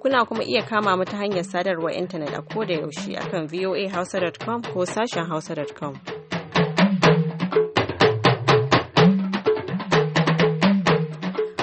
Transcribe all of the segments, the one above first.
Kuna kuma iya kama mu ta hanyar sadarwar intanet a koda yaushe akan voahausa.com ko sashen hausa.com.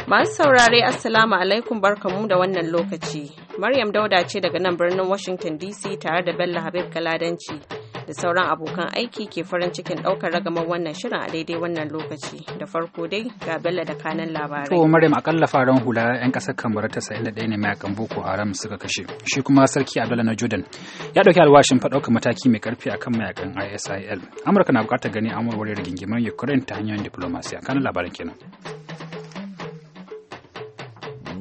Masu saurare Assalamu alaikum barkamu da wannan lokaci. Maryam Dauda ce daga nan birnin Washington DC tare da Bello Habib Galadanci. da sauran abokan aiki ke farin cikin ɗaukar ragamar wannan shirin a daidai wannan lokaci da farko dai ga Bello da kanan labarai. To Maryam akalla faran hula 'yan kasar kamar ta ɗaya ne mayakan Boko Haram suka kashe. Shi kuma Sarki Abdullah na Jordan ya ɗauki alwashin fa mataki mai karfi akan mayakan ISIL. Amurka na bukatar gani amurwar rigingimar Ukraine ta hanyar diplomasiya. Kanan labarin kenan.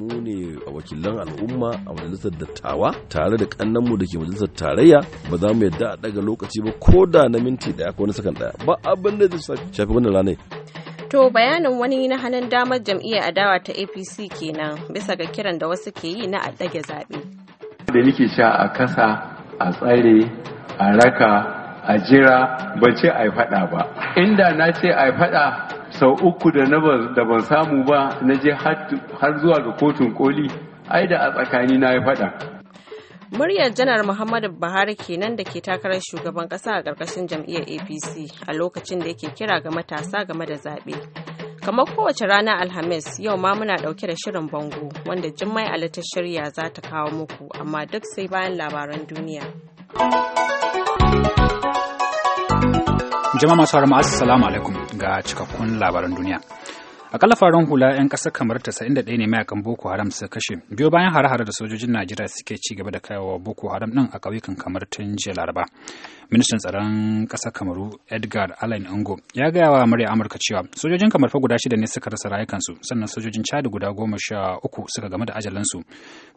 mu ne a wakilan al'umma a majalisar dattawa tare da kannanmu da ke majalisar tarayya ba za mu yadda a daga lokaci ba ko da na minti daya ko na sakan daya ba abin da zai shafi wannan ranar To bayanin wani na hannun damar jam'iyyar adawa ta APC kenan bisa ga kiran da wasu ke yi na a ɗage zaɓe. Da nake sha a kasa, a tsare, a raka, a jira ban ce a faɗa ba inda na ce a faɗa sau uku da da ban samu ba na je har zuwa ga kotun koli ai da a tsakani na yi faɗa muryar janar muhammadu buhari kenan da ke takarar shugaban kasa a ƙarƙashin jam'iyyar apc a lokacin da yake kira ga matasa game da zaɓe kamar kowace rana alhamis yau ma muna ɗauke da shirin bango wanda jimmai ta shirya za ta kawo muku amma duk sai bayan labaran duniya. Jama'a masu haramu assalamu alaikum ga cikakkun labaran duniya. akalla farin hula 'yan ƙasar kamar 91 ne mayakan boko haram suka kashe biyo bayan hare-hare da sojojin najeriya suke ci gaba da kaiwa boko haram din a kauyukan kamar tun jiya laraba ministan tsaron ƙasar kamaru edgar allen ango ya gaya wa murya amurka cewa sojojin kamar fa guda shida ne suka rasa rayukansu sannan sojojin chad guda goma sha uku suka game da ajalansu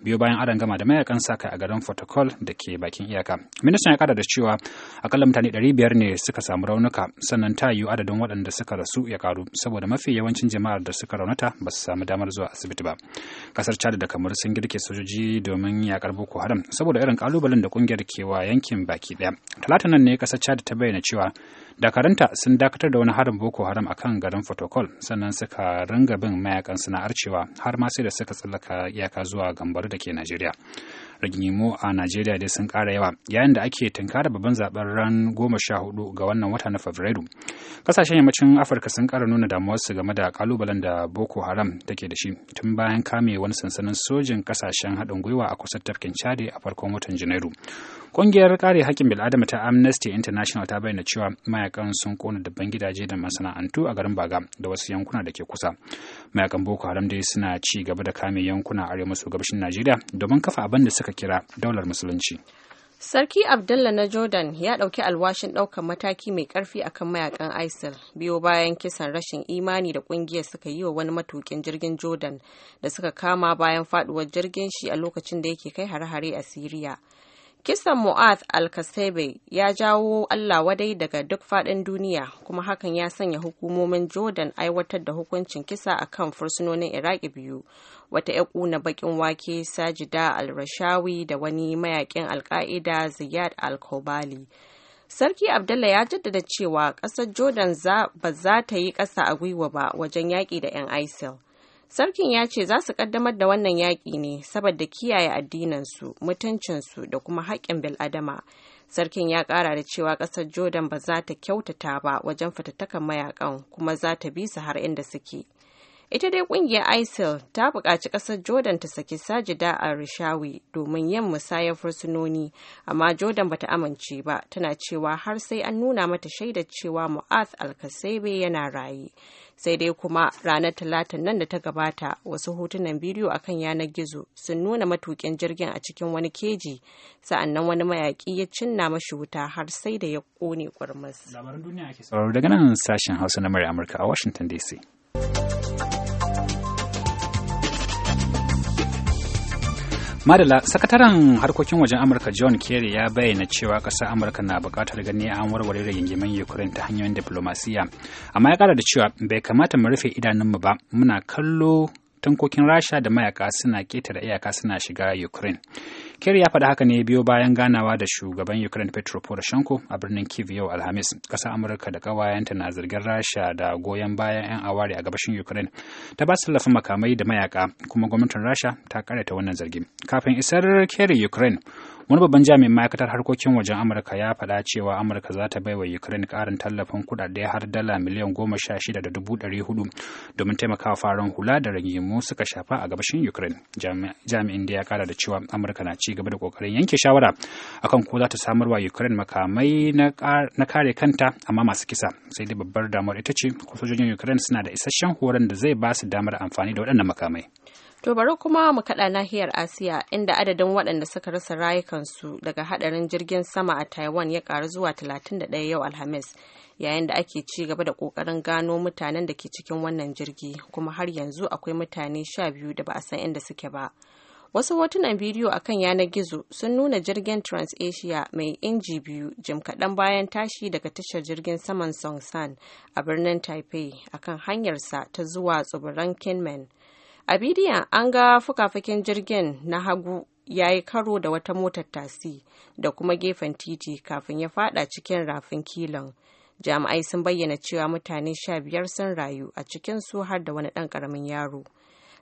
biyo bayan aron gama da mayakan sa kai a garin protocol da ke bakin iyaka ministan ya kada da cewa akalla mutane 500 ne suka samu raunuka sannan ta yiwu adadin waɗanda suka rasu ya karu saboda mafi yawancin jama'a jama'ar da suka raunata ba su samu damar zuwa asibiti ba kasar chad da kamar sun girke sojoji domin yakar boko haram saboda irin kalubalen da kungiyar ke wa yankin baki daya talata nan ne kasar chad ta bayyana cewa dakaranta sun dakatar da wani harin boko haram a kan garin protocol sannan suka ringa bin mayakan sana'ar cewa har ma sai da suka tsallaka iyaka zuwa gambaru da ke najeriya rigingimu a najeriya dai sun ƙara yawa yayin da ake tunkara babban zaben ran goma sha hudu ga wannan wata na fabrairu kasashen yammacin afirka sun ƙara nuna damuwarsu game da kalubalen da boko haram take da shi tun bayan kame wani sansanin sojin kasashen haɗin gwiwa a kusa tafkin chade a farkon watan janairu Ƙungiyar kare haƙƙin bil'adama ta Amnesty International ta bayyana cewa mayakan sun kona dabban gidaje da masana'antu a garin Baga da wasu yankuna da ke kusa. Mayakan Boko Haram dai suna ci gaba da kame yankuna arewa maso gabashin Najeriya domin kafa abin da suka kira daular musulunci. Sarki Abdullah na Jordan ya ɗauki alwashin ɗaukar mataki mai ƙarfi kan mayakan ISIL biyo bayan kisan rashin imani da ƙungiyar suka yi wa wani matukin jirgin Jordan da suka kama bayan faɗuwar jirgin shi a lokacin da yake kai hare-hare a Siriya. Kisan Mu'ath al ya jawo Allah wadai daga duk faɗin duniya kuma hakan ya sanya hukumomin Jordan aiwatar da hukuncin kisa a kan fursunonin Iraki biyu, wata ya ƙuna baƙin wake Sajida al-Rashawi da wani mayaƙin al Ziyad al-Kobali. Sarki Abdullah ya jaddada cewa ƙasar Jordan ba za ta yi ƙasa a gwiwa ba wajen yaƙi da 'yan ISIL. Sarkin ya ce za su kaddamar da wannan yaƙi ne saboda kiyaye addinansu, mutuncinsu da kuma haƙƙin bil'adama. Sarkin ya ƙara da cewa ƙasar Jordan ba za ta kyautata ba wajen fatattakan mayakan kuma za ta bi su har inda suke. Ita dai ƙungiyar ISIL ta buƙaci ƙasar Jordan ta saki sajida a Rishawi domin yin musayar fursunoni, amma Jordan bata amince ba, tana cewa har sai an nuna mata shaidar cewa Mu'ath al yana raye. sai dai kuma ranar talatin nan da ta gabata wasu hotunan bidiyo a kan yanar gizo sun nuna matukin jirgin a cikin wani keji sa'annan wani mayaƙi ya cinna mashi wuta har sai da ya kone kurmus labaran duniya ake sauraro daga nan sashen hausa na amurka a washington dc madala sakataren harkokin wajen amurka john kerry ya bayyana cewa ƙasar amurka na buƙatar gani an warware da ukraine ta hanyoyin diplomasiya amma ya ƙara da cewa bai kamata mu rufe idanunmu ba muna kallo tankokin rasha da mayaka suna ƙetare iyaka suna shiga ukraine Kerry ya faɗi haka ne biyo bayan ganawa da shugaban Ukraine Petro Poroshenko a birnin Kyiv yau Alhamis. ƙasa Amurka da ƙawayenta na zargin Rasha da goyon bayan 'yan aware a gabashin Ukraine ta ba su tallafin makamai da mayaka kuma gwamnatin Rasha ta ta wannan zargin Kafin isar Kerry Ukraine, Wani babban jami'in ma'aikatar harkokin wajen Amurka ya faɗa cewa Amurka za ta wa Ukraine ƙarin tallafin kuɗaɗe har dala miliyan goma sha shida da dubu ɗari hudu domin taimakawa faran hula da rigimu suka shafa a gabashin Ukraine. Jami'in da ya ƙara da cewa Amurka na ci gaba da ƙoƙarin yanke shawara akan ko za ta wa Ukraine makamai na kare kanta amma masu kisa. Sai dai babbar damar ita ce ko sojojin Ukraine suna da isasshen horon da zai ba su damar amfani da waɗannan makamai. To bari kuma mu kaɗa nahiyar Asiya inda adadin waɗanda suka rasa rayukansu daga hadarin jirgin sama a Taiwan ya ƙaru zuwa 31 yau Alhamis yayin da ake ci gaba da ƙoƙarin gano mutanen da ke cikin wannan jirgi kuma har yanzu akwai mutane 12 da ba a san inda suke ba. Wasu hotunan bidiyo a kan yanar gizo sun nuna jirgin TransAsia mai inji biyu jim kaɗan bayan tashi daga tashar jirgin saman Songsan a birnin Taipei akan hanyarsa ta zuwa tsibiran Kinmen. a bidiyon an ga fuka jirgin na hagu ya yi karo da wata motar tasi da kuma gefen titi kafin ya fada cikin rafin kilon jami'ai sun bayyana cewa mutane sha biyar sun rayu a cikin su har da wani ɗan karamin yaro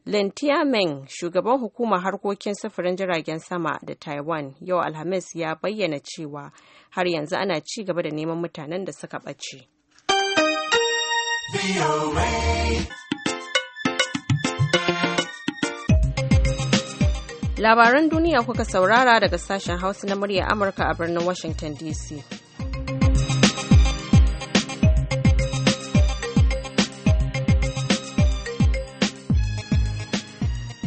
lintia meng shugaban hukumar harkokin sufurin jiragen sama da taiwan yau alhamis ya bayyana cewa har yanzu ana ci gaba da neman mutanen da suka ɓace. Labaran duniya kuka saurara daga sashen Hausa na murya Amurka a birnin Washington DC.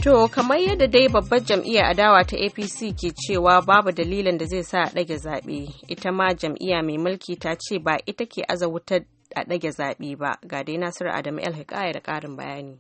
To, kamar yadda dai babbar a dawa ta APC ke cewa babu dalilin da zai sa a ɗage zaɓe, ita ma jam'iyya mai mulki ta ce ba ita ke aza wutar a ɗage zaɓe ba, ga dai Nasiru Adamu El da ƙarin bayani.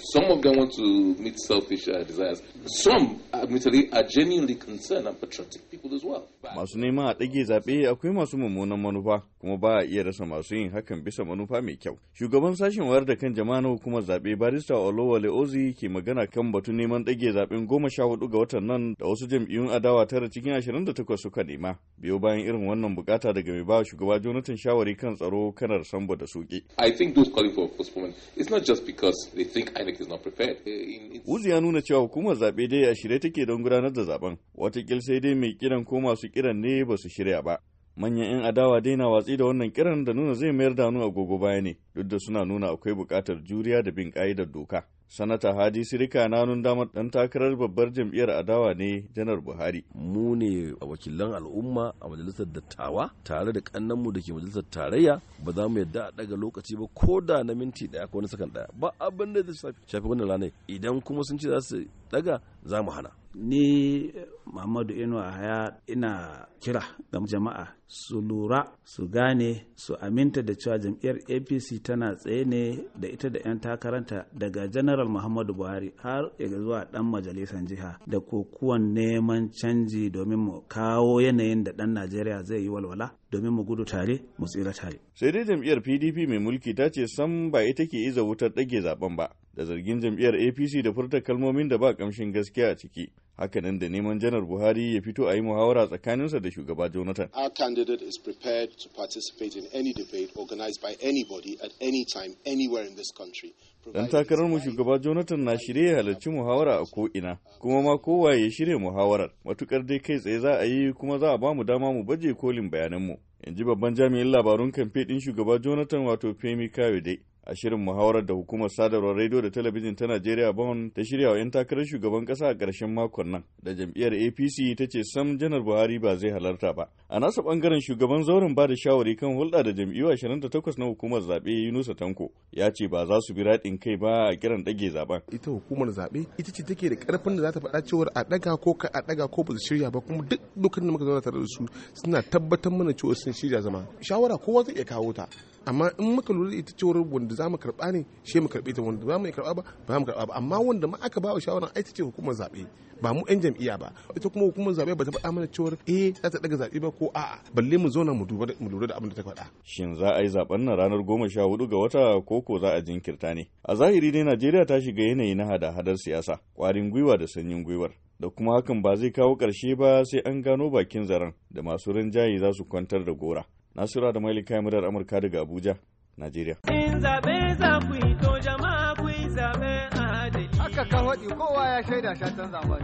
Some of them want to meet selfish uh, desires. Some, uh, admittedly, are genuinely concerned and patriotic people as well. Masu neman a ɗage zaɓe akwai masu mummunan manufa kuma ba a iya rasa masu yin hakan bisa manufa mai kyau. Shugaban sashen wayar da kan jama'a na hukumar zaɓe barista Olowale Ozi ke magana kan batun neman ɗage zaɓen goma sha hudu ga watan nan da wasu jam'iyyun adawa tara cikin ashirin da takwas suka nema. Biyo bayan irin wannan bukata daga mai ba shugaba Jonathan shawari kan tsaro kanar Sambo da Suke. I think those calling for postponement it's not just because they think I INEC uh, ya nuna cewa hukumar zaɓe dai a shirye take don gudanar da zaben. Watakil sai dai mai kiran ko masu kiran ne ba su shirya ba. Manyan 'yan adawa dai na watsi da wannan kiran da nuna zai mayar da hannu agogo baya ne, duk da suna nuna akwai buƙatar juriya da bin ƙa'idar doka. Sanata Hadi Sirika na nun damar ɗan takarar babbar jam'iyyar adawa ne Janar Buhari. Mu ne a wakilan al'umma a majalisar dattawa tare da kannanmu da ke majalisar tarayya ba za mu yadda a daga lokaci ba ko da na minti ɗaya ko na sakan ɗaya ba abin da zai shafi wani lanai idan kuma sun ce za su daga za mu hana. ni Muhammadu Inuwa haya ina kira ga jama'a su lura su gane su aminta da cewa jam'iyyar APC tana tsaye ne da ita da 'yan takaranta daga General Muhammadu Buhari har zuwa dan majalisar jiha da kokuwan neman canji domin mu kawo yanayin da dan Najeriya zai yi walwala domin mu gudu tare mu tsira tare. Sai dai jam'iyyar PDP mai mulki ta ce san ba ita ke iza wutar ɗage zaben ba da zargin jam'iyyar APC da furta kalmomin da ba kamshin gaskiya a ciki. haka nan da neman janar buhari ya fito a yi muhawara tsakaninsa da shugaba jonathan our candidate is prepared to participate in any debate organized by anybody at any time anywhere in this country dan takarar mu shugaba jonathan na shirye ya halarci muhawara a ko'ina kuma ma kowa ya shirya muhawarar matukar dai kai tsaye za a yi kuma za a ba mu dama mu baje kolin bayananmu in ji babban jami'in labarun kamfe ɗin shugaba jonathan wato femi dai. a shirin muhawarar da hukumar sadarwar rediyo da talabijin ta Najeriya Bon ta shirya wa 'yan takarar shugaban kasa a ƙarshen makon nan da jam'iyyar APC ta ce sam janar Buhari ba zai halarta ba. A nasa bangaren shugaban zauren ba da shawari kan hulɗa da jam'iyyu 28 na hukumar zaɓe Yunusa Tanko ya ce ba za su bi raɗin kai ba a kiran ɗage zaɓen. Ita hukumar zaɓe ita ce take da ƙarfin da za ta faɗa cewar a ɗaga ko ka a ɗaga ko ba su shirya ba kuma duk dukkan da muka zauna tare da su suna tabbatar mana cewa sun shirya zama. Shawara kowa zai iya kawo ta amma in muka lura ita cewar wanda za mu karɓa ne shi mu karɓe ta wanda za mu karba ba ba mu karɓa ba amma wanda ma aka ba wa shawara ai ce hukumar zaɓe ba mu yan jam'iyya ba ita kuma hukumar zaɓe ba ta faɗa mana cewar eh za ta daga zaɓe ba ko a'a balle mu zauna mu duba mu lura da abin da ta faɗa shin za a yi zaben nan ranar goma sha hudu ga wata ko ko za a jinkirta ne a zahiri dai Najeriya ta shiga yanayi na hada-hadar siyasa kwarin gwiwa da sanyin gwiwar da kuma hakan ba zai kawo karshe ba sai an gano bakin zaren da masu rinjaye za su kwantar da gora Nasura da Malika murar Amurka daga Abuja, Najeriya. In zaɓe za ku yi to jama'a zaɓe adali. Haka kan waɗi kowa ya shaida shatan zaɓen.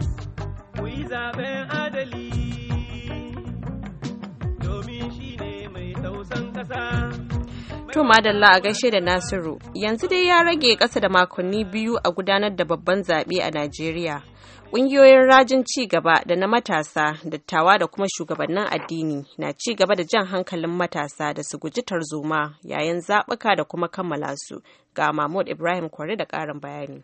Ku yi adali domin shi ne mai tausan ƙasa. To madalla a gaishe da Nasiru, yanzu dai ya rage ƙasa da makonni biyu a gudanar da babban zaɓe a Najeriya. Ƙungiyoyin rajin ci gaba da na matasa, dattawa da kuma shugabannin addini na ci gaba da jan hankalin matasa da su guji tarzoma yayin zaɓuka da kuma kammala su. Ga Mahmud Ibrahim Kwari da ƙarin bayani.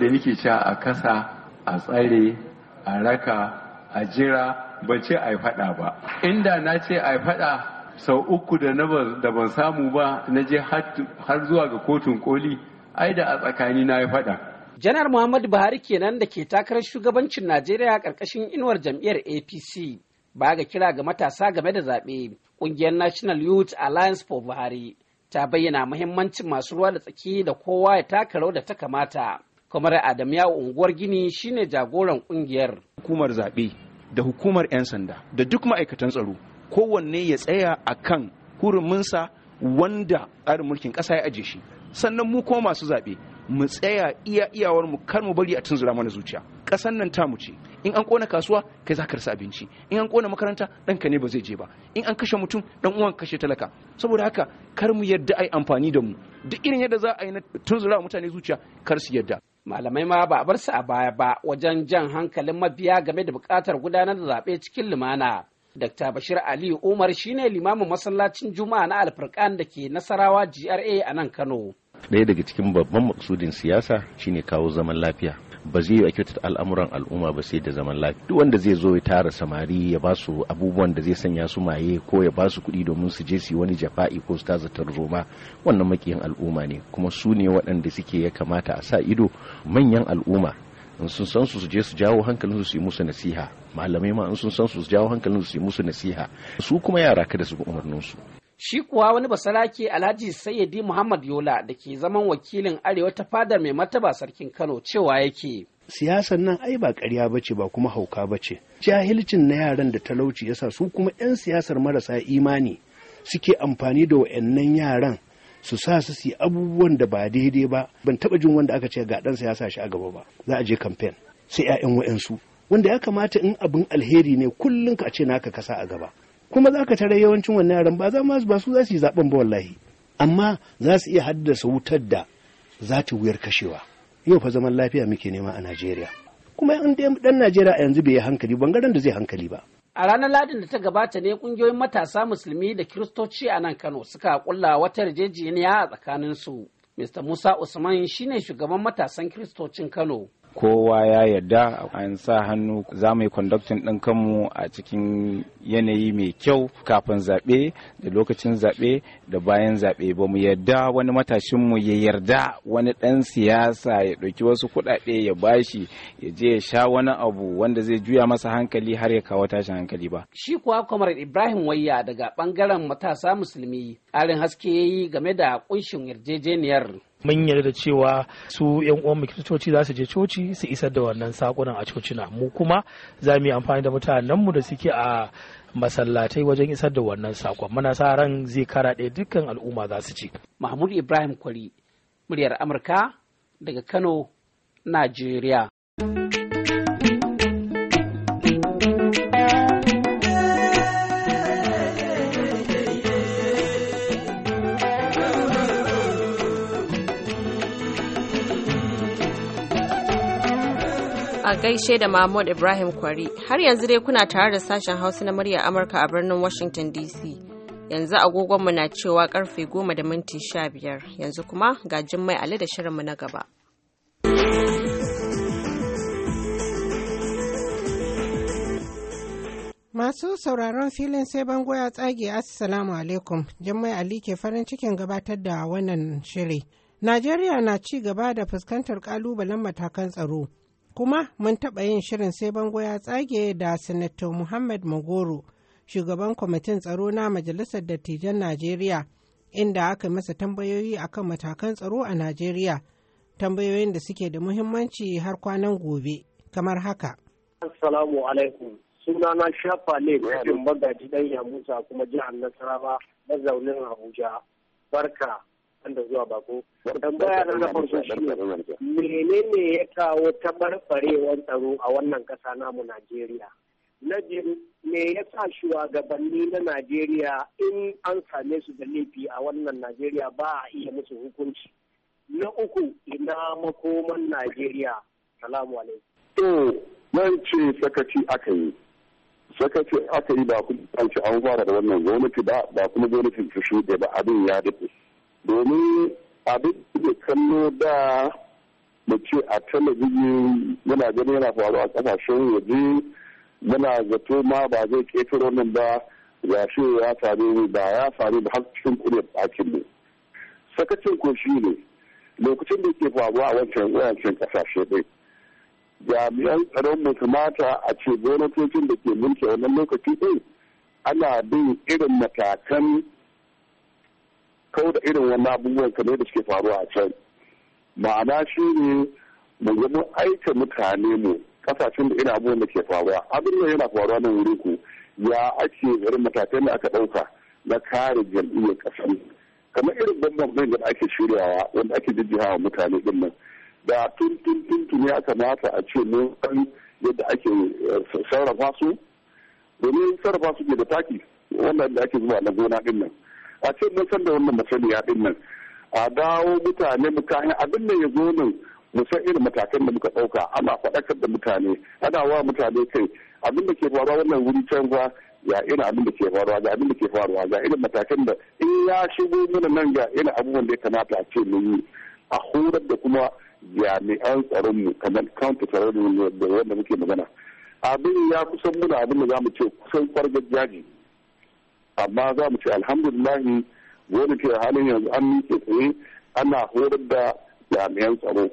Da nake cewa a kasa, a tsare, a raka, a jira, ban ce a faɗa ba. Inda na ce a faɗa sau uku da da ban samu ba na je har zuwa ga kotun koli ai da a tsakani na ya faɗa Janar Muhammadu Buhari kenan da ke takarar shugabancin Najeriya karkashin inuwar jam'iyyar APC. Ba ga kira ga matasa game da zaɓe, ƙungiyar National Youth Alliance for Buhari ta bayyana muhimmancin masu ruwa da tsaki da kowa ya taka rau da ta kamata. Kamar Adam ya unguwar Gini shine jagoran ƙungiyar. Hukumar zaɓe da hukumar 'yan sanda da duk ma'aikatan tsaro kowanne ya tsaya a kan huruminsa wanda tsarin mulkin ƙasa ya ajiye shi. Sannan mu ko masu zaɓe mu tsaya iya iyawar mu kar mu bari a tunzura mana zuciya kasan nan tamu ce in an kona kasuwa kai za ka rasa abinci in an kona makaranta dan ka ne ba zai je ba in an kashe mutum dan uwan kashe talaka saboda haka kar mu yadda ai amfani da mu duk irin yadda za a yi na tunzura mutane zuciya kar su yadda malamai ma ba a bar su a baya ba wajen jan hankalin mabiya game da buƙatar gudanar da zaɓe cikin lumana Dr. Bashir Ali Umar shine limamin masallacin Juma'a na Alfurkan da ke Nasarawa GRA a nan Kano. ɗaya daga cikin babban maksudin siyasa shine kawo zaman lafiya ba zai yi a al'amuran al'umma ba sai da zaman lafiya duk wanda zai zo ya tara samari ya ba su abubuwan da zai sanya su maye ko ya ba su kuɗi domin su je su yi wani jafa'i ko su taza tarzoma wannan makiyin al'umma ne kuma su ne waɗanda suke ya kamata a sa ido manyan al'umma in sun san su je su jawo hankalin su su yi musu nasiha malamai ma in sun san su jawo hankalin su yi musu nasiha su kuma yara kada su bi umarnin su Shi kuwa wani basarake Alhaji Sayyidi Muhammad Yola da ke zaman wakilin Arewa ta fadar mai mataba sarkin Kano cewa yake. Siyasar nan ai ba karya ba ce ba kuma hauka ba ce. Jahilcin na yaran da talauci yasa su kuma 'yan siyasar marasa imani suke amfani da wa'annan yaran su sa su yi abubuwan da ba daidai ba ban taba jin wanda aka ce ga dan siyasa shi a gaba ba za a je kamfen sai 'ya'yan wa'ansu wanda ya kamata in abin alheri ne kullum ka ce naka kasa a gaba kuma za ka tare yawancin wannan yaran ba za ma ba su za yi zaben ba wallahi amma za su iya haddasa wutar da za ta wuyar kashewa yau fa zaman lafiya muke nema a Najeriya kuma in dan Najeriya a yanzu bai yi hankali bangaren da zai hankali ba a ranar ladin da ta gabata ne kungiyoyin matasa musulmi da kiristoci a nan Kano suka kulla wata yarjejeniya a tsakaninsu Mr. Musa Usman shine shugaban matasan kiristocin Kano kowa ya yarda an sa hannu za mu yi kwandaktin ɗin kanmu a cikin yanayi mai kyau kafin zaɓe da lokacin zaɓe da bayan zaɓe ba mu yarda wani matashinmu ya yarda wani ɗan siyasa ya ɗauki wasu kuɗaɗe ya bashi ya je ya sha wani abu wanda zai juya masa hankali har ya kawo tashin hankali ba. Shi kuwa kwamar Ibrahim Wayya daga ɓangaren matasa musulmi arin haske ya yi game da ƙunshin yarjejeniyar. mun yarda cewa su yan uwan mu coci za su je coci su isar da wannan sakunan a cocina mu kuma za mu yi amfani da mutanen mu da suke a masallatai wajen isar da wannan sakon muna sa ran zai karaɗe dukkan al'umma za su ci mahmud ibrahim kwari muryar amurka daga kano najeriya gaishe da Mahmud Ibrahim Kwari. Har yanzu dai kuna tare da sashen Hausa na murya Amurka a birnin Washington DC. Yanzu agogonmu na cewa karfe goma da minti sha biyar. Yanzu kuma ga Jummai Ali da shirinmu na gaba. Masu sauraron filin sai bango ya tsage Assalamu alaikum. Jummai Ali ke farin cikin gabatar da wannan shiri. Najeriya na ci gaba da fuskantar kalubalen matakan tsaro. kuma mun taɓa yin shirin sai bango ya tsage da sanato muhammad magoro shugaban kwamitin tsaro na majalisar dattijan najeriya inda aka masa tambayoyi akan matakan tsaro a najeriya tambayoyin da suke da muhimmanci har kwanan gobe kamar haka assalamu alaikum sunana shafa ne kajin magaji dan yamusa kuma jihar nasarawa mazaunin abuja barka da zuwa bako tambaya na farko shi menene ya kawo tabarfarewar tsaro a wannan ƙasa namu Najeriya na biyu me ya sa shugabanni na Najeriya in an same su da laifi a wannan Najeriya ba a iya musu hukunci na uku ina makoman Najeriya salamu alaikum to ce sakaci aka yi sakaci aka yi ba kuma an an fara da wannan gwamnati ba ba kuma gwamnati su shuɗe ba abin ya daɗe domin abin da kallo da da ce a talabijin muna gani yana faru a kasashen waje muna zato ma ba zai ƙetare nan ba ya shi ya faru ba ya faru da har cikin kuɗin ɗakin mu sakacin ko shi ne lokacin da ke faruwa a wancan wancan kasashe dai. jami'an tsaron mutumata a ce gwamnatocin da ke mulki wannan lokaci ɗin ana bin irin matakan kau da irin wani abubuwan ne da suke faruwa a can ma'ana shi ne mu ga aika mutane mu kasashen da irin abubuwan da ke faruwa abin da yana faruwa nan wurin ku ya ake irin matakai da aka ɗauka na kare jam'iyyar ƙasar kamar irin bambam ɗin da ake shiryawa wanda ake jijjihawa mutane din nan da tun tun ya kamata a ce mun san yadda ake eh, sarrafa su domin sarrafa su ke da taki wannan da ake zuwa na gona din nan a ce mun san da wannan masaniya din nan a dawo mutane mutane abin da ya zo nan mu san irin matakan da muka ɗauka ana faɗakar da mutane ana wa mutane kai abin da ke faruwa wannan wuri canza ya irin abin da ke faruwa ga abin da ke faruwa ga irin matakan da in ya shigo mana nan ga irin abubuwan da ya kamata a ce mun yi a horar da kuma jami'an tsaron mu kamar tsaron mu da wanda muke magana abin ya kusan muna abin da mu ce kusan kwargar jaji amma za mu ce alhamdulillahi gwamnati a halin yanzu an miƙe tsaye ana horar da jami'an tsaro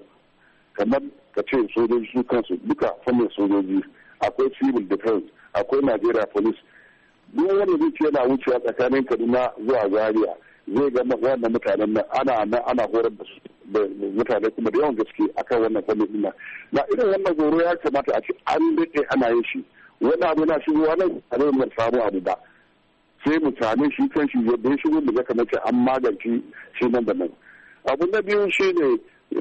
kamar ka ce sojoji su kansu duka fannin sojoji akwai civil defense akwai nigeria police duk wanda zai ce yana wucewa tsakanin kaduna zuwa zaria zai ga wannan mutanen nan ana nan ana horar da mutane kuma da yawan gaske akan wannan fannin nan na irin wannan horo ya kamata a ce an daɗe ana yin shi wani abu na shigowa nan a zai samu abu ba sai mutane shi kan shi yadda shi da zaka mace an magance shi nan da nan abu na biyu shi ne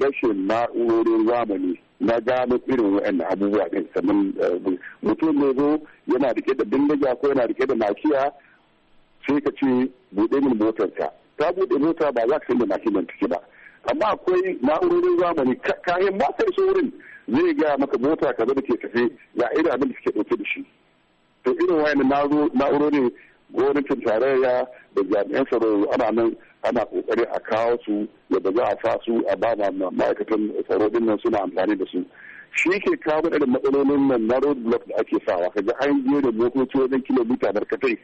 rashin na'urorin zamani na gano irin wa'annan abubuwa ɗin sannan eh, mutum ne zo yana rike da bindiga ko yana rike da nakiya sai ka ce buɗe min motarka ta buɗe mota ba za ka san da nakiyan take ba amma akwai na'urorin zamani kayan motar saurin zai gaya maka mota kaza da ke tafe ga irin abin da suke ɗauke da shi to irin wayannan na'urorin gwamnatin tarayya da jami'an tsaro ana nan ana kokari a kawo su yadda za a sa su a ba ma'aikatan tsaro din nan suna amfani da su shi ke kawo irin matsalolin nan na road block da ake sawa ga an je da motoci wajen kilomita barkatai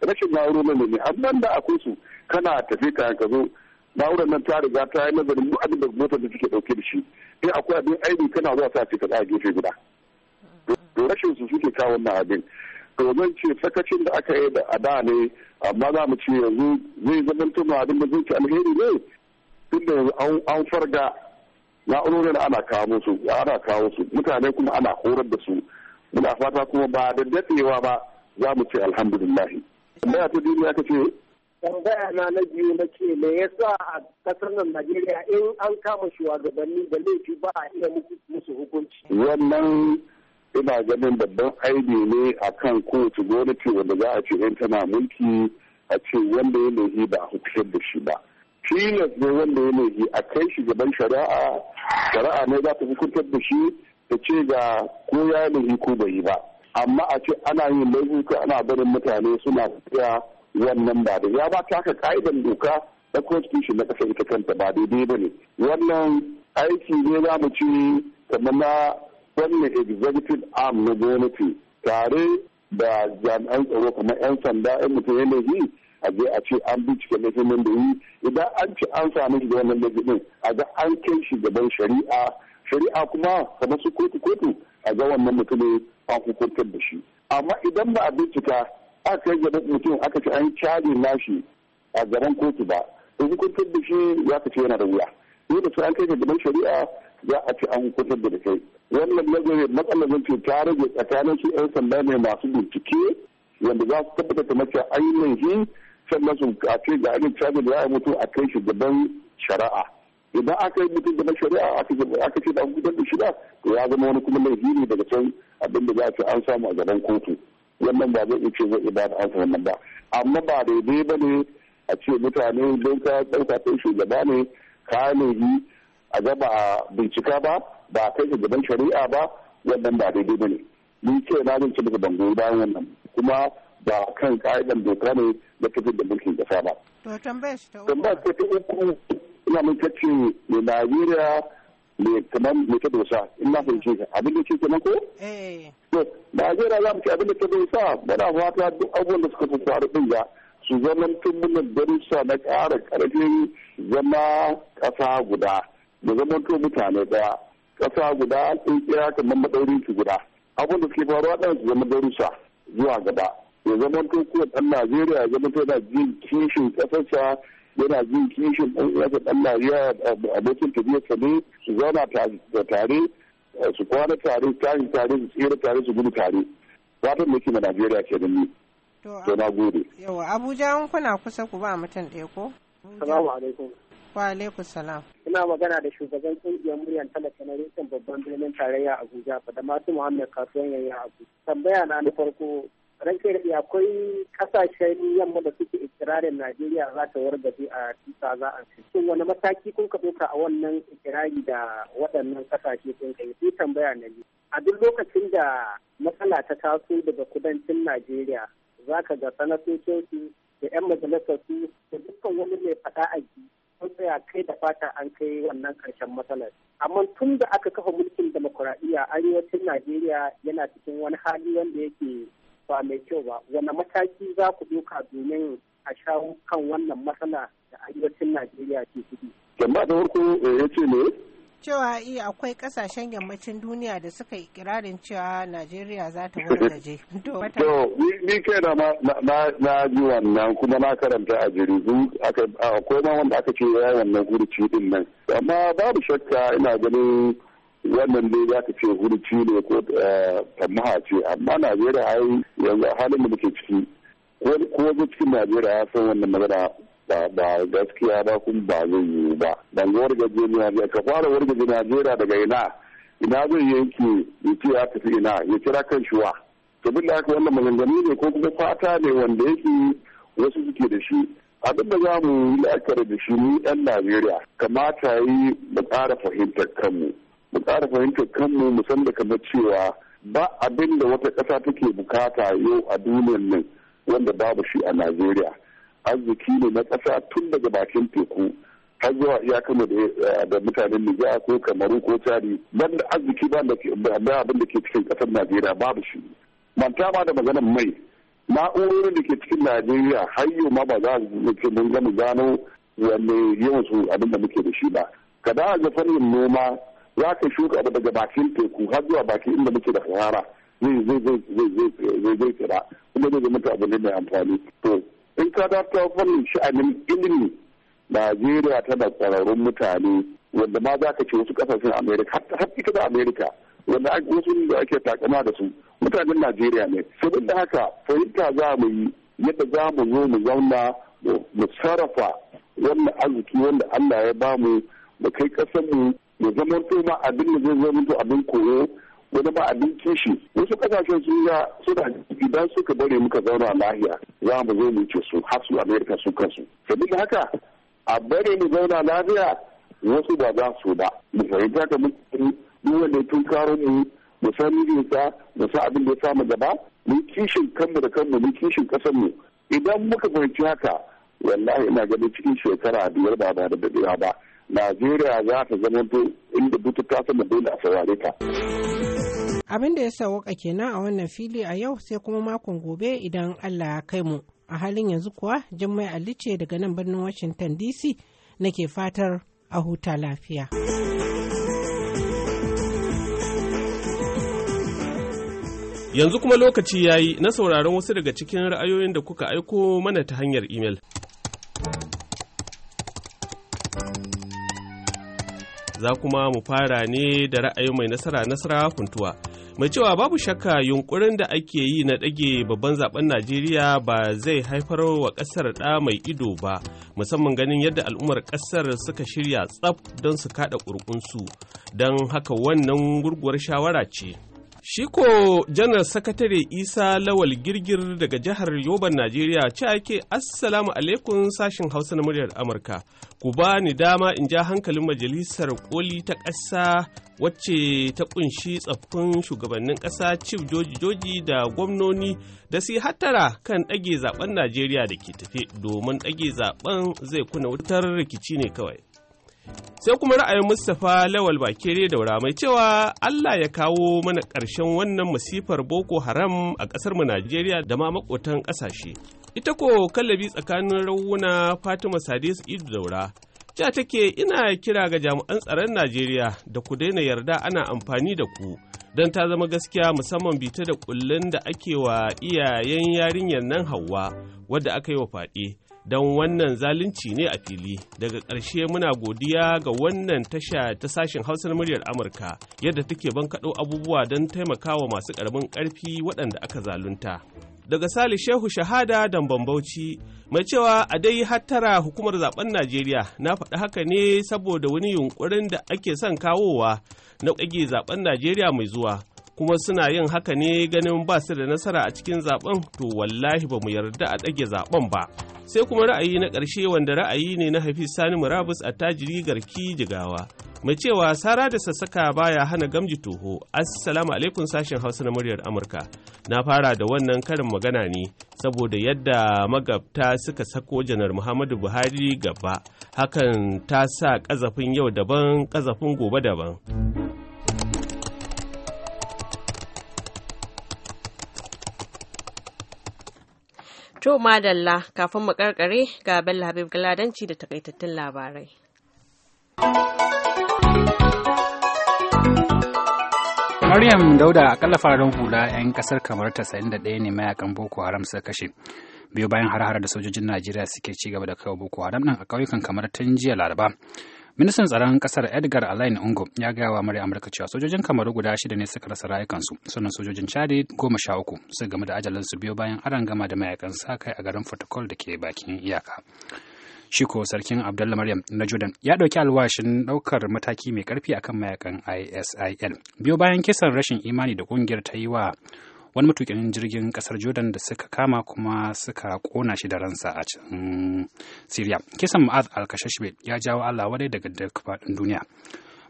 rashin na'urorin ne amma da akwai su kana tafi kayan ka zo na'urar nan ta riga ta yi nazarin duk abin da motar da take dauke da shi in akwai abin aini kana zuwa sa ce ka tsaya gefe guda to rashin su suke kawo wannan abin domin ce sakacin da aka yi da ada ne amma za mu ce yanzu zai zama tuma abin da zai ci alheri ne tun da yanzu an farga na'urorin ana kawo su ana kawo su mutane kuma ana horar da su muna fata kuma ba da dadewa ba za mu ce alhamdulillahi tambaya ta duniya ta ce tambaya na na biyu na ce me yasa a kasar nan Najeriya in an kama shugabanni da laifi ba a iya musu hukunci wannan ina ganin babban aibi ne a kan kowace gwamnati wanda za a ce in tana mulki a ce wanda ya lohi ba a hukushar da shi ba tilas ne wanda ya lohi a kai shi gaban shari'a shari'a ne za ta hukuntar da shi ta ce ga ko ya lohi ko bai yi ba amma a ce ana yin laifuka ana barin mutane suna tafiya wannan ba da ya ba ta haka ka'idan doka na constitution na kasar ita kanta ba daidai ba ne wannan aiki ne za mu ci kamar na wannan executive arm na gwamnati tare da jami'an tsaro kamar 'yan sanda 'yan mutum ya laifi a je a ce an bincike laifin nan da yi idan an ce an sami shi da wannan laifin a ga an kai shi gaban shari'a shari'a kuma kamar su kotu kotu a ga wannan mutumin an hukuntar da shi amma idan ba a bincika a kai gaban mutum aka ce an cari nashi a gaban kotu ba in hukuntar da shi ya ce yana da wuya da su an kai gaban shari'a za a ce an hukuntar da kai wannan nazarin matsalar zance ta rage tsakanin su 'yan sanda ne masu bincike wanda za su tabbatar da mace ainihin sannan su a ce ga ainihin caji da ya mutu a kai shi gaban shari'a idan aka yi mutum gaban shari'a aka ce da gudanar da shida to ya zama wani kuma laifi ne daga can abin da za a an samu a gaban kotu wannan ba zai ce zai ba da ansa wannan ba amma ba daidai ba ne a ce mutane don ka ɗauka kai shugaba ne ka laifi a gaba a bincika ba ba kai ka gaban shari'a ba wannan ba daidai ba ne ni ce na zan ci daga bango bayan wannan kuma ba kan ka'idan doka ne na tafiyar da mulkin kasa ba. To tambayar shi ta uku. Tambayar ta uku ina mun kacce mai Najeriya ne kaman mai ta dosa in na fahimce ka abin da ke kenan ko? Eh. To Najeriya za mu ci abin da ta dosa muna fata duk abubuwan da suka fi faru din ga su zama tun muna darussa na ƙara ƙarfin zama ƙasa guda da zama to mutane ɗaya. ƙasa guda sun kira kamar madaurin su guda abin da suke faruwa ɗan su zama darussa zuwa gaba ya zama to ko ɗan najeriya ya zama to jin kishin ƙasarsa yana jin kishin ɗan uwansa ɗan najeriya abokin tafiyarsa ne su zauna tare su kwana tare tashi tare su tsira tare su gudu tare fatan da ke na najeriya ke da ni to na gode yawa abuja kuna kusa ku ba mutum ɗaya ko salamu alaikum Wa alaikum salam. Ina magana da shugaban kungiyar muryar talaka na rukun babban birnin tarayya Abuja da masu Muhammad kasuwan yayin Abuja. Tambaya na na farko ranke da akwai kasashen yamma da suke ikirarin Najeriya za ta wargaje a tisa za a ci. Shin wani mataki kun ka doka a wannan ikirari da waɗannan kasashe sun kai? Sai tambaya na biyu. A duk lokacin da matsala ta taso daga kudancin Najeriya za ka ga sanatocinsu da 'yan majalisar su da dukkan wani mai faɗa a sun tsaya kai da fata an kai wannan karshen matsalar amma tun da aka kafa mulkin demokuraɗiyya arewacin najeriya yana cikin wani hali wanda yake ba mai kyau ba wani mataki za ku ɗauka domin a shawo kan wannan matsala da arewacin najeriya ke ciki jama'a da farko eh, ya ce ne cewa iya eh, akwai kasashen yammacin duniya da suka yi kirarin cewa najeriya za ta wargaje to ni kai na na ji wannan kuma na karanta a jirgin akwai ma wanda aka ce ya wannan huruci din nan amma babu shakka ina ganin wannan ne za ka ce huruci ne ko eh, tamaha ce amma najeriya ai yanzu halin da muke ciki ko cikin najeriya ya san wannan magana ba ba gaskiya ba kun ba zai yiwu ba gaje ne ya ka fara wargaje Najeriya daga ina ina zai yanke ya ce ya tafi ina ya kira kan shuwa to bin da wannan maganganu ne ko kuma fata ne wanda yake wasu suke da shi abin da za mu yi la'akari da shi ni ɗan Najeriya kamata yi mu ƙara fahimtar kanmu mu ƙara fahimtar kanmu mu san da kamar cewa ba abin da wata ƙasa take bukata yau a duniyar nan wanda babu shi a Najeriya arziki ne na ƙasa tun daga bakin teku har zuwa iyakar da mutanen Nijar ko Kamaru ko Chadi ban da arziki ba da abin da ke cikin ƙasar Najeriya babu shi. Manta ma da maganar mai na'urorin da ke cikin Najeriya har yau ma ba za mu ce mun gama gano wanne yawan su abin da muke da shi ba. Ka da ga yin noma za ka shuka abu daga bakin teku har zuwa bakin inda muke da sahara zai zai zai zai zai zai zai kuma zai zai abu ne mai amfani. To in ka da ta fannin sha'anin ilimi najeriya tana kwararrun mutane wanda ma za ka ce wasu kasashen amerika har ita da amerika wanda wasu da ake takama da su mutanen najeriya ne saboda haka fahimta za mu yi yadda za mu zo mu zauna mu sarrafa wannan arziki wanda allah ya bamu mu kai kasanmu mu zama ma abin da zai zama abin koyo ya zama abin kishi wasu kasashen sun ga suna idan suka bare muka zauna lahiya za mu zo mu ce su har su amerika su kansu sabida haka a bare mu zauna lafiya wasu ba za su ba mu fahimta ka mutane duk wanda ya karo mu mu san mijinsa mu san abin da ya samu gaba mu kishin kanmu da kanmu mu kishin kasar mu idan muka fahimci haka wallahi ina ganin cikin shekara biyar ba da daɗewa ba najeriya za ta zama inda butuka sama dole a saurare ta. Abin da ya sa waka kenan a wannan fili a yau sai kuma makon gobe idan Allah ya kai mu. A halin yanzu kuwa Jummai alice ce daga nan birnin Washington DC nake fatar a huta lafiya. Yanzu kuma lokaci ya yi na sauraron wasu daga cikin ra'ayoyin da kuka aiko mana ta hanyar imel. za kuma mu fara ne da ra'ayi mai nasara nasara kuntuwa mai cewa babu shakka yunkurin da ake yi na ɗage babban zaben najeriya ba zai haifar wa ƙasar ɗa mai ido ba musamman ganin yadda al'ummar ƙasar suka shirya tsaf don su kaɗa ƙurƙunsu don haka wannan gurguwar shawara ce Shiko janar sakatare Isa Lawal Girgir daga jihar Yoban Najeriya ce ake Assalamu alaikum sashin Hausa na muryar Amurka. Ku ba ni dama in ja hankalin majalisar koli ta ƙasa wacce ta ƙunshi tsaffin shugabannin ƙasa Chief Joji Joji da gwamnoni da su hattara kan ɗage zaben Najeriya da ke tafe domin ɗage zaben zai kuna wutar rikici ne kawai. Sai kuma ra'ayin Mustapha Lawal Bakere daura mai cewa Allah ya kawo mana ƙarshen wannan masifar Boko Haram a ƙasar mu Najeriya da ma makotan ƙasashe. Ita ko kallabi tsakanin rawuna Fatima Sadis Idu daura. Ja take ina kira ga jami'an tsaron Najeriya da ku daina yarda ana amfani da ku. don ta zama gaskiya musamman bita da kullun da ake wa iyayen yarinyar nan hawa wadda aka yi wa faɗi don wannan zalunci ne a fili daga ƙarshe muna godiya ga wannan tasha ta sashen hausar muryar amurka yadda take bankaɗo abubuwa don taimakawa masu ƙaramin ƙarfi waɗanda aka zalunta daga sali shehu shahada dan bambauci mai cewa a dai hattara hukumar zaben najeriya na faɗi haka ne saboda wani yunkurin da ake son kawowa na ƙage zaben najeriya mai zuwa kuma suna yin haka ne ganin ba su da nasara a cikin zaben to wallahi ba mu yarda a ɗage zaben ba sai kuma ra'ayi na ƙarshe wanda ra'ayi ne na hafiz sani murabus a tajiri garki jigawa mai cewa sara da sassaka baya hana gamji toho assalamu alaikum sashen hausa na muryar amurka na fara da wannan karin magana ne saboda yadda magabta suka sako janar muhammadu buhari gaba hakan ta sa ƙazafin yau daban ƙazafin gobe daban To madalla kafin mu karkare ga Bello Habib Galadanci da takaitattun labarai. Maryam Dauda akalla ran hula 'yan kasar kamar ta da ɗaya ne mayakan Boko Haram suka kashe. Biyu bayan har da sojojin Najeriya suke ci gaba da kawo Boko Haram nan a ƙauyukan kamar tun jiya Laraba. Ministan tsaron kasar Edgar Alain Ungo ya gaya wa murya Amurka cewa sojojin Kamaru guda shida ne suka rasa rayukansu sannan sojojin Chadi goma sha uku su game da su biyo bayan aran gama da mayakan sa kai a garin fotokol da ke bakin iyaka. Shiko sarkin abdullah maryam na jordan ya ɗauki alwashin ɗaukar mataki mai ƙarfi akan mayakan isil biyo bayan kisan rashin imani da ƙungiyar ta yi wa wani matukin jirgin kasar jordan da suka kama kuma suka kona shi da ransa a cikin syria kisan ma'az al ya jawo allah wadai daga duk faɗin duniya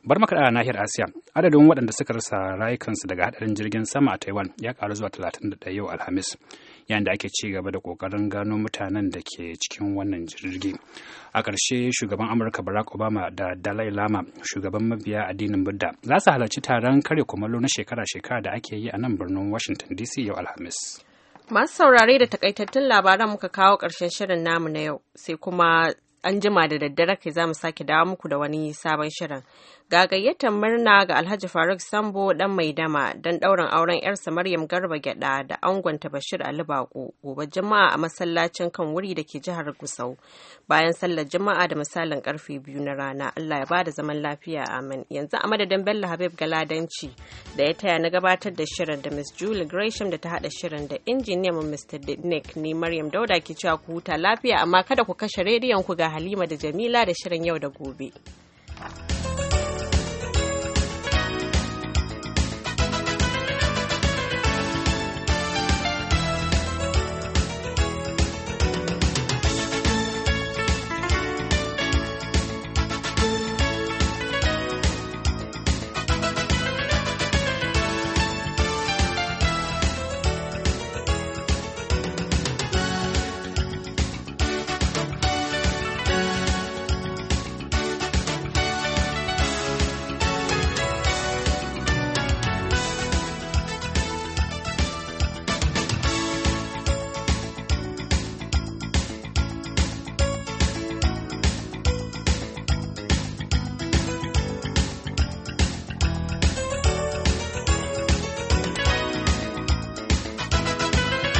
bar maka da nahiyar asiya adadin waɗanda suka rasa rayukansu daga hadarin jirgin sama a taiwan ya karu zuwa 31 yau alhamis yayin da ake ci gaba da kokarin gano mutanen da ke cikin wannan jirgi a ƙarshe shugaban amurka barack obama da dalai lama shugaban mabiya addinin budda za su halarci taron kare kumallo na shekara-shekara da ake yi a nan birnin washington dc yau alhamis masu saurare da takaitattun labaran muka kawo ƙarshen shirin namu na yau sai kuma an jima da daddare ke za mu sake dawo muku da wani sabon shirin ga gayyatar murna ga Alhaji Faruk Sambo dan mai dama don ɗaurin auren 'yarsa Maryam Garba Gyada da angonta Bashir Ali Bako gobe jama'a a masallacin kan wuri da ke jihar Gusau bayan sallar jama'a da misalin karfe biyu na rana Allah ya bada zaman lafiya amin yanzu a madadin Bello Habib Galadanci da ya taya na gabatar da shirin da Miss Julie Gresham da ta hada shirin da injiniyan Mr. Nick ne Maryam Dauda ke cewa ku huta lafiya amma kada ku kashe rediyon ku ga Halima da Jamila da shirin yau da gobe.